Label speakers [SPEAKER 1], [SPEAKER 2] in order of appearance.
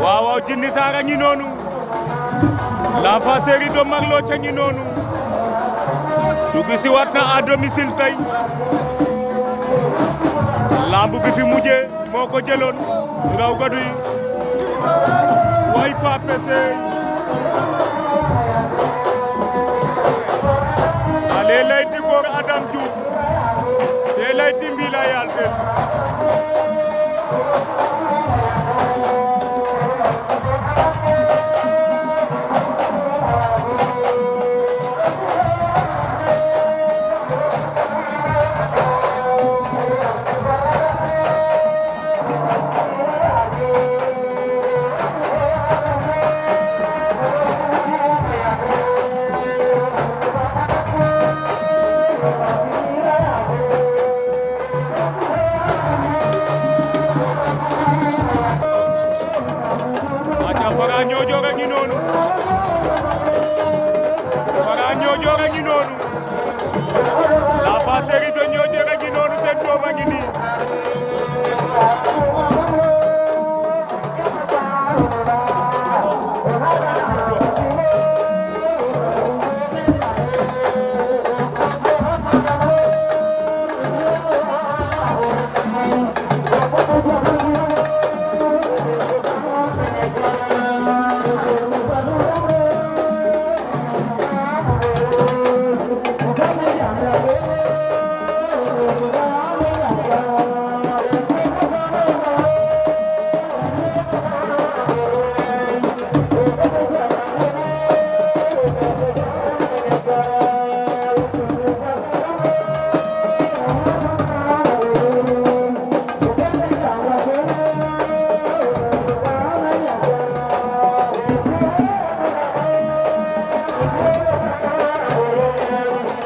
[SPEAKER 1] waaw waaw Djily a ngi noonu La Fasseri Dom ak Lothié a ngi noonu dugg si waat na à domicile tey lamb bi fi mujjee moo ko jëloon ngaw gadu yi way fa pesey
[SPEAKER 2] ale lay di góor Adam Diouf te di mbir
[SPEAKER 1] Njoga ngi noonu Fara Njoga ngi noonu